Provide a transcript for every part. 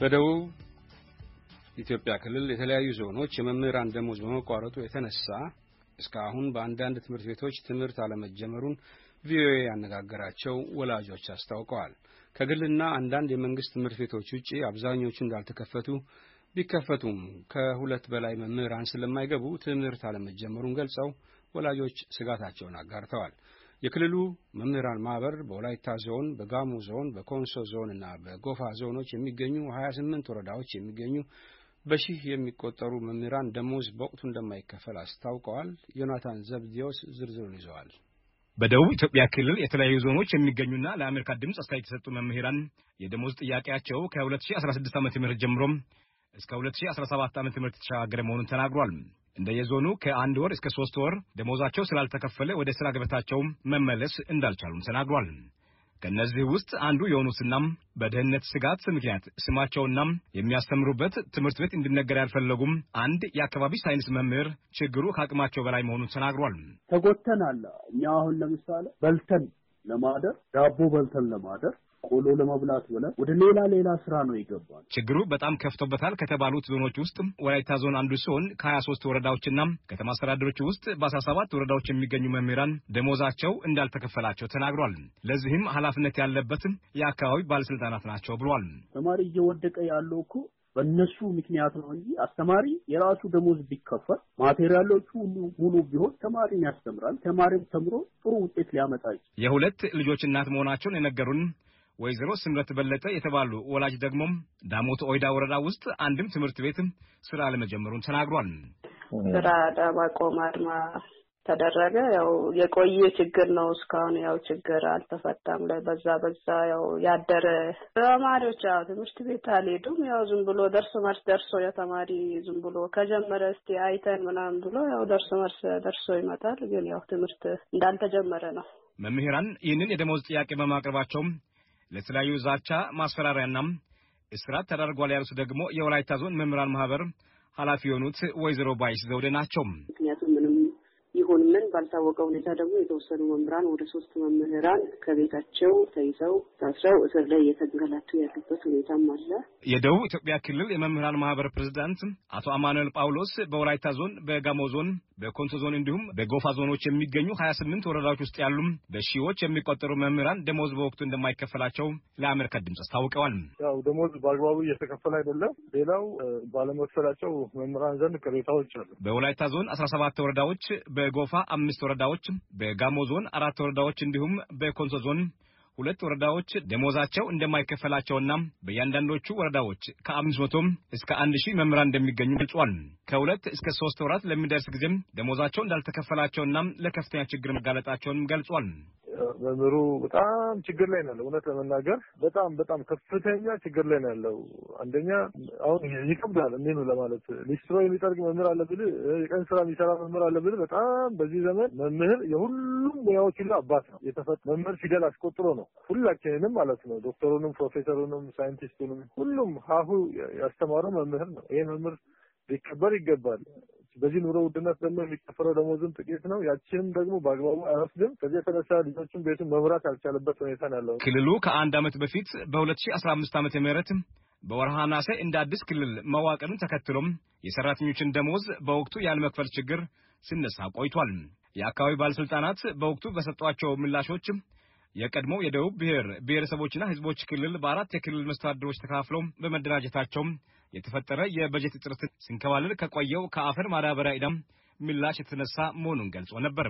በደቡብ ኢትዮጵያ ክልል የተለያዩ ዞኖች የመምህራን ደሞዝ በመቋረጡ የተነሳ እስካሁን በአንዳንድ ትምህርት ቤቶች ትምህርት አለመጀመሩን ቪኦኤ ያነጋገራቸው ወላጆች አስታውቀዋል። ከግልና አንዳንድ የመንግስት ትምህርት ቤቶች ውጪ አብዛኞቹ እንዳልተከፈቱ ቢከፈቱም ከሁለት በላይ መምህራን ስለማይገቡ ትምህርት አለመጀመሩን ገልጸው ወላጆች ስጋታቸውን አጋርተዋል። የክልሉ መምህራን ማህበር በወላይታ ዞን፣ በጋሞ ዞን፣ በኮንሶ ዞን እና በጎፋ ዞኖች የሚገኙ 28 ወረዳዎች የሚገኙ በሺህ የሚቆጠሩ መምህራን ደሞዝ በወቅቱ እንደማይከፈል አስታውቀዋል። ዮናታን ዘብዲዮስ ዝርዝሩን ይዘዋል። በደቡብ ኢትዮጵያ ክልል የተለያዩ ዞኖች የሚገኙና ለአሜሪካ ድምፅ አስተያየት የሰጡ መምህራን የደሞዝ ጥያቄያቸው ከ2016 ዓ ም ጀምሮም እስከ 2017 ዓ ም የተሸጋገረ መሆኑን ተናግሯል። እንደየዞኑ ከአንድ ወር እስከ ሶስት ወር ደሞዛቸው ስላልተከፈለ ወደ ስራ ገበታቸውም መመለስ እንዳልቻሉም ተናግሯል። ከእነዚህ ውስጥ አንዱ የሆኑትና በደህንነት ስጋት ምክንያት ስማቸውና የሚያስተምሩበት ትምህርት ቤት እንዲነገር ያልፈለጉም አንድ የአካባቢ ሳይንስ መምህር ችግሩ ከአቅማቸው በላይ መሆኑን ተናግሯል። ተጎተናል። እኛ አሁን ለምሳሌ በልተን ለማደር ዳቦ በልተን ለማደር ቆሎ ለመብላት ብለን ወደ ሌላ ሌላ ስራ ነው ይገባል። ችግሩ በጣም ከፍቶበታል ከተባሉት ዞኖች ውስጥ ወላይታ ዞን አንዱ ሲሆን ከሀያ ሶስት ወረዳዎችና ከተማ አስተዳደሮች ውስጥ በአስራ ሰባት ወረዳዎች የሚገኙ መምህራን ደሞዛቸው እንዳልተከፈላቸው ተናግሯል። ለዚህም ኃላፊነት ያለበት የአካባቢ ባለስልጣናት ናቸው ብሏል። ተማሪ እየወደቀ ያለው እኮ በእነሱ ምክንያት ነው እንጂ አስተማሪ የራሱ ደሞዝ ቢከፈል ማቴሪያሎቹ ሁሉ ሙሉ ቢሆን ተማሪን ያስተምራል። ተማሪም ተምሮ ጥሩ ውጤት ሊያመጣ ይችላል። የሁለት ልጆች እናት መሆናቸውን የነገሩን ወይዘሮ ስምረት በለጠ የተባሉ ወላጅ ደግሞ ዳሞት ኦይዳ ወረዳ ውስጥ አንድም ትምህርት ቤት ስራ አለመጀመሩን ተናግሯል። ስራ ማቆም አድማ ተደረገ። ያው የቆየ ችግር ነው። እስካሁን ያው ችግር አልተፈታም። ላይ በዛ በዛ ያው ያደረ ተማሪዎች ያው ትምህርት ቤት አልሄዱም። ያው ዝም ብሎ ደርሶ መርስ ደርሶ የተማሪ ዝም ብሎ ከጀመረ እስቲ አይተን ምናምን ብሎ ያው ደርሶ መርስ ደርሶ ይመጣል። ግን ያው ትምህርት እንዳልተጀመረ ነው። መምህራን ይህንን የደሞዝ ጥያቄ በማቅረባቸውም ለተለያዩ ዛቻ፣ ማስፈራሪያና እስራት ተደርጓል ያሉት ደግሞ የወላይታ ዞን መምህራን ማህበር ኃላፊ የሆኑት ወይዘሮ ባይስ ዘውዴ ናቸው። ባልታወቀ ሁኔታ ደግሞ የተወሰኑ መምህራን ወደ ሶስት መምህራን ከቤታቸው ተይዘው ታስረው እስር ላይ እየተንገላቱ ያሉበት ሁኔታም አለ። የደቡብ ኢትዮጵያ ክልል የመምህራን ማህበር ፕሬዚዳንት አቶ አማኑኤል ጳውሎስ በወላይታ ዞን፣ በጋሞ ዞን በኮንሶ ዞን እንዲሁም በጎፋ ዞኖች የሚገኙ 28 ወረዳዎች ውስጥ ያሉ በሺዎች የሚቆጠሩ መምህራን ደሞዝ በወቅቱ እንደማይከፈላቸው ለአሜሪካ ድምፅ አስታውቀዋል። ያው ደሞዝ በአግባቡ እየተከፈለ አይደለም። ሌላው ባለመክፈላቸው መምህራን ዘንድ ቅሬታዎች አሉ። በወላይታ ዞን 17 ወረዳዎች፣ በጎፋ አምስት ወረዳዎች፣ በጋሞ ዞን አራት ወረዳዎች እንዲሁም በኮንሶ ዞን ሁለት ወረዳዎች ደሞዛቸው እንደማይከፈላቸውና በእያንዳንዶቹ ወረዳዎች ከአምስት መቶም እስከ አንድ ሺህ መምህራን እንደሚገኙ ገልጿል። ከሁለት እስከ ሶስት ወራት ለሚደርስ ጊዜም ደሞዛቸው እንዳልተከፈላቸውና ለከፍተኛ ችግር መጋለጣቸውንም ገልጿል። መምህሩ በጣም ችግር ላይ ነው ያለው። እውነት ለመናገር በጣም በጣም ከፍተኛ ችግር ላይ ነው ያለው። አንደኛ አሁን ይከብዳል እንዲህ ነው ለማለት ሊስትሮ የሚጠርግ መምህር አለ ብል፣ የቀን ስራ የሚሰራ መምህር አለ ብል፣ በጣም በዚህ ዘመን መምህር የሁሉም ሙያዎች ሁሉ አባት ነው። የተፈ መምህር ፊደል አስቆጥሮ ነው ሁላችንንም ማለት ነው ዶክተሩንም፣ ፕሮፌሰሩንም፣ ሳይንቲስቱንም ሁሉም ሀሁ ያስተማረው መምህር ነው። ይሄ መምህር ሊከበር ይገባል። በዚህ ኑሮ ውድነት ደግሞ የሚከፈለው ደሞዝም ጥቂት ነው። ያችንም ደግሞ በአግባቡ አይወስድም። ከዚህ የተነሳ ልጆቹም ቤቱን መምራት ያልቻለበት ሁኔታ ነው ያለው። ክልሉ ከአንድ ዓመት በፊት በ2015 ዓመተ ምህረት በወርሃ ነሐሴ እንደ አዲስ ክልል መዋቅርን ተከትሎም የሰራተኞችን ደሞዝ በወቅቱ ያለመክፈል ችግር ሲነሳ ቆይቷል። የአካባቢ ባለሥልጣናት በወቅቱ በሰጧቸው ምላሾች የቀድሞ የደቡብ ብሔር ብሔረሰቦችና ሕዝቦች ክልል በአራት የክልል መስተዳድሮች ተካፍለው በመደራጀታቸው የተፈጠረ የበጀት እጥረት ሲንከባለል ከቆየው ከአፈር ማዳበሪያ ዕዳም ምላሽ የተነሳ መሆኑን ገልጾ ነበር።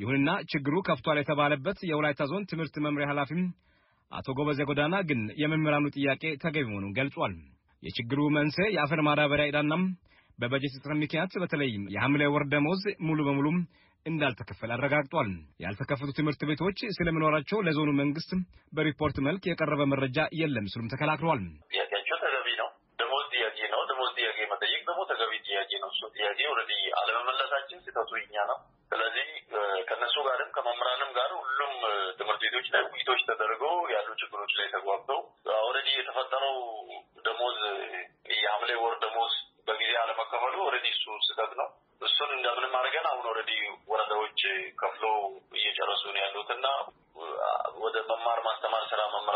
ይሁንና ችግሩ ከፍቷል የተባለበት የወላይታ ዞን ትምህርት መምሪያ ኃላፊም አቶ ጎበዜ ጎዳና ግን የመምህራኑ ጥያቄ ተገቢ መሆኑን ገልጿል። የችግሩ መንስኤ የአፈር ማዳበሪያ ዕዳናም በበጀት እጥረት ምክንያት በተለይም የሐምሌ ወር ደመወዝ ሙሉ በሙሉ እንዳልተከፈለ አረጋግጧል። ያልተከፈቱ ትምህርት ቤቶች ስለመኖራቸው ለዞኑ መንግስት በሪፖርት መልክ የቀረበ መረጃ የለም ሲሉም ተከላክሏል። ስህተቱ እኛ ነው። ስለዚህ ከእነሱ ጋርም ከመምህራንም ጋር ሁሉም ትምህርት ቤቶች ላይ ውይይቶች ተደርገው ያሉ ችግሮች ላይ ተጓብተው ኦልሬዲ የተፈጠረው ደሞዝ የሐምሌ ወር ደሞዝ በጊዜ አለመከፈሉ ኦልሬዲ እሱ ስህተት ነው። እሱን እንደምንም አድርገን አሁን ኦልሬዲ ወረዳዎች ከፍሎ እየጨረሱ ነው ያሉት እና ወደ መማር ማስተማር ስራ መማር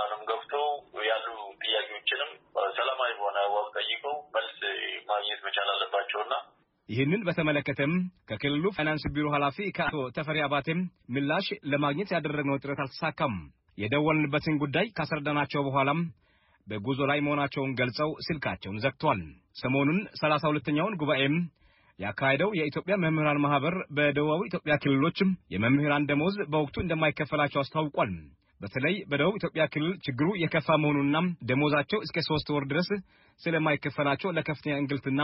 ይህንን በተመለከተም ከክልሉ ፋይናንስ ቢሮ ኃላፊ ከአቶ ተፈሪ አባቴም ምላሽ ለማግኘት ያደረግነው ጥረት አልተሳካም። የደወልንበትን ጉዳይ ካስረዳናቸው በኋላም በጉዞ ላይ መሆናቸውን ገልጸው ስልካቸውን ዘግቷል። ሰሞኑን ሰላሳ ሁለተኛውን ጉባኤም ያካሄደው የኢትዮጵያ መምህራን ማህበር በደቡባዊ ኢትዮጵያ ክልሎች የመምህራን ደሞዝ በወቅቱ እንደማይከፈላቸው አስታውቋል። በተለይ በደቡብ ኢትዮጵያ ክልል ችግሩ የከፋ መሆኑና ደሞዛቸው እስከ ሶስት ወር ድረስ ስለማይከፈላቸው ለከፍተኛ እንግልትና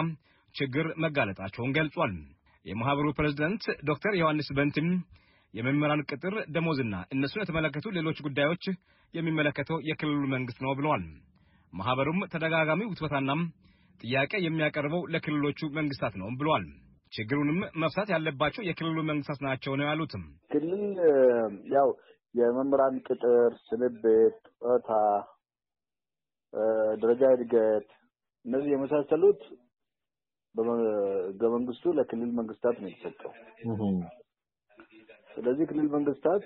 ችግር መጋለጣቸውን ገልጿል። የማህበሩ ፕሬዝዳንት ዶክተር ዮሐንስ በንትም የመምህራን ቅጥር፣ ደሞዝና እነሱን የተመለከቱ ሌሎች ጉዳዮች የሚመለከተው የክልሉ መንግስት ነው ብለዋል። ማህበሩም ተደጋጋሚ ውትበታና ጥያቄ የሚያቀርበው ለክልሎቹ መንግስታት ነው ብለዋል። ችግሩንም መፍታት ያለባቸው የክልሉ መንግስታት ናቸው ነው ያሉትም። ክልል ያው የመምህራን ቅጥር፣ ስንብት፣ ጡረታ፣ ደረጃ እድገት እነዚህ የመሳሰሉት በህገ መንግስቱ ለክልል መንግስታት ነው የተሰጠው። ስለዚህ ክልል መንግስታት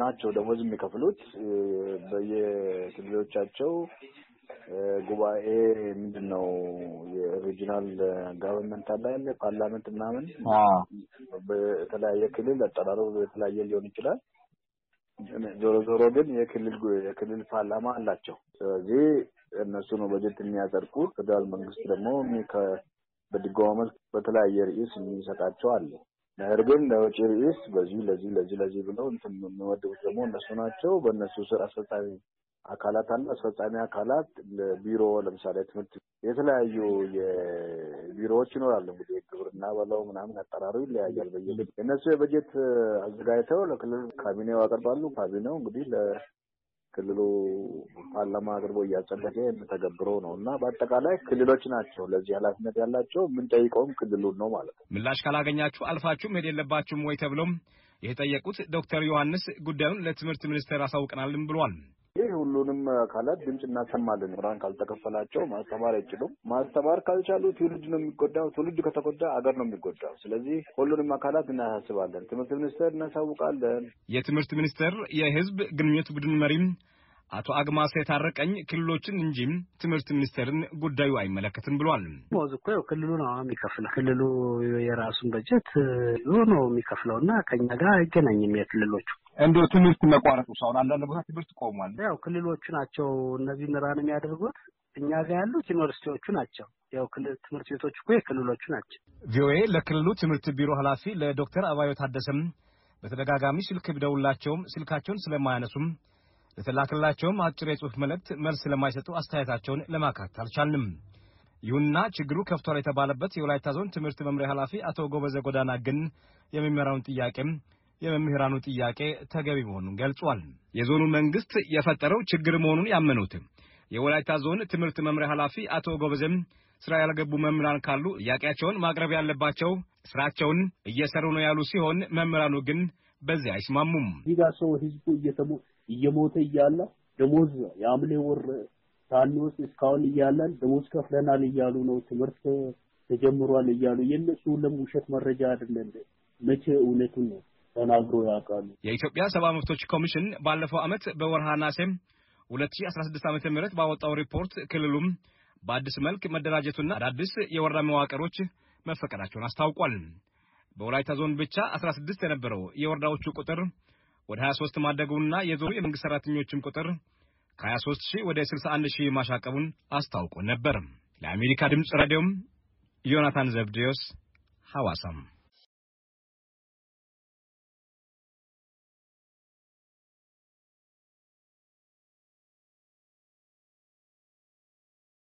ናቸው ደሞዝ የሚከፍሉት በየክልሎቻቸው ጉባኤ ምንድን ነው የሪጂናል ጋቨርንመንት አለ ያለ ፓርላመንት ምናምን በተለያየ ክልል አጠራሩ የተለያየ ሊሆን ይችላል። ዞሮ ዞሮ ግን የክልል የክልል ፓርላማ አላቸው። ስለዚህ እነሱ ነው በጀት የሚያጸድቁት። ፌደራል መንግስት ደግሞ በድጎማ መልክ በተለያየ ርዕስ የሚሰጣቸው አለ። ነገር ግን ለውጭ ርዕስ በዚህ ለዚህ ለዚህ ለዚህ ብለው እንትን የሚመድቡት ደግሞ እነሱ ናቸው። በእነሱ ስር አስፈጻሚ አካላት አለ። አስፈጻሚ አካላት ቢሮ፣ ለምሳሌ ትምህርት፣ የተለያዩ የቢሮዎች ይኖራሉ። እንግዲህ ግብርና በለው ምናምን አጠራሩ ይለያያል። በየ እነሱ የበጀት አዘጋጅተው ለክልል ካቢኔው ያቀርባሉ። ካቢኔው እንግዲህ ክልሉ ፓርላማ አቅርቦ እያጸደቀ የምተገብረው ነው እና በአጠቃላይ ክልሎች ናቸው ለዚህ ኃላፊነት ያላቸው። የምንጠይቀውም ክልሉን ነው ማለት ነው። ምላሽ ካላገኛችሁ አልፋችሁ መሄድ የለባችሁም ወይ ተብሎም የተጠየቁት ዶክተር ዮሐንስ ጉዳዩን ለትምህርት ሚኒስቴር አሳውቀናልም ብሏል። ይህ ሁሉንም አካላት ድምፅ እናሰማለን። ብርሃን ካልተከፈላቸው ማስተማር አይችሉም። ማስተማር ካልቻሉ ትውልድ ነው የሚጎዳው። ትውልድ ከተጎዳ አገር ነው የሚጎዳው። ስለዚህ ሁሉንም አካላት እናሳስባለን። ትምህርት ሚኒስቴር እናሳውቃለን። የትምህርት ሚኒስቴር የህዝብ ግንኙነት ቡድን መሪም አቶ አግማስ የታረቀኝ ክልሎችን እንጂ ትምህርት ሚኒስቴርን ጉዳዩ አይመለከትም ብሏል። ቦዝ እኮ ክልሉ ነው የሚከፍለው። ክልሉ የራሱን በጀት ነው የሚከፍለው እና ከኛ ጋር አይገናኝም የክልሎቹ እንዲሁ ትምህርት መቋረጡ ሳሁን አንዳንድ ቦታ ትምህርት ቆሟል። ያው ክልሎቹ ናቸው እነዚህ ምራን የሚያደርጉት እኛ ጋር ያሉት ዩኒቨርሲቲዎቹ ናቸው። ያው ክልል ትምህርት ቤቶች እኮ የክልሎቹ ናቸው። ቪኦኤ ለክልሉ ትምህርት ቢሮ ኃላፊ ለዶክተር አባዮ ታደሰም በተደጋጋሚ ስልክ ብደውላቸውም ስልካቸውን ስለማያነሱም ለተላከላቸውም አጭር የጽሑፍ መልእክት መልስ ለማይሰጡ አስተያየታቸውን ለማካት አልቻልንም። ይሁንና ችግሩ ከፍቷል የተባለበት የወላይታ ዞን ትምህርት መምሪያ ኃላፊ አቶ ጎበዘ ጎዳና ግን የመምህራኑን ጥያቄም የመምህራኑ ጥያቄ ተገቢ መሆኑን ገልጿል። የዞኑ መንግስት የፈጠረው ችግር መሆኑን ያመኑት የወላይታ ዞን ትምህርት መምሪያ ኃላፊ አቶ ጎበዘም ስራ ያልገቡ መምህራን ካሉ ጥያቄያቸውን ማቅረብ ያለባቸው ስራቸውን እየሰሩ ነው ያሉ ሲሆን መምህራኑ ግን በዚህ አይስማሙም። ሰው ህዝቡ እየሞተ እያለ ደሞዝ የሐምሌ ወር ሳንወስድ እስካሁን እያለን ደሞዝ ከፍለናል እያሉ ነው። ትምህርት ተጀምሯል እያሉ የእነሱ ሁሉም ውሸት መረጃ አይደለም። መቼ እውነቱን ነው ተናግሮ ያውቃሉ? የኢትዮጵያ ሰብአዊ መብቶች ኮሚሽን ባለፈው ዓመት በወርሃ ነሐሴ 2016 ዓ.ም ባወጣው ሪፖርት ክልሉም በአዲስ መልክ መደራጀቱና አዳዲስ የወረዳ መዋቅሮች መፈቀዳቸውን አስታውቋል። በወላይታ ዞን ብቻ 16 የነበረው የወረዳዎቹ ቁጥር ወደ 23 ማደጉና የዞኑ የመንግስት ሰራተኞችም ቁጥር ከ23 ሺህ ወደ 61 ሺህ ማሻቀቡን አስታውቆ ነበር። ለአሜሪካ ድምፅ ራዲዮም ዮናታን ዘብዴዎስ ሐዋሳም